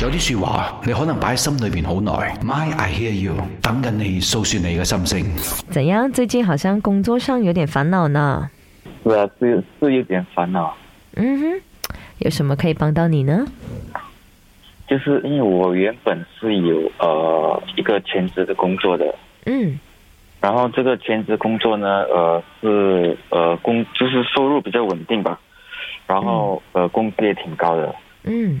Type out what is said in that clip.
有啲說話，你可能擺喺心裏邊好耐。May I hear you，等緊你訴說你嘅心聲。怎樣？最近好像工作上有點煩惱呢？是啊，有有有點煩惱。嗯哼，有什麼可以幫到你呢？就是因為我原本是有，呃，一個全職的工作的。嗯。然後這個全職工作呢，呃，是，呃工，就是收入比較穩定吧。然後，呃，工資也挺高的。嗯。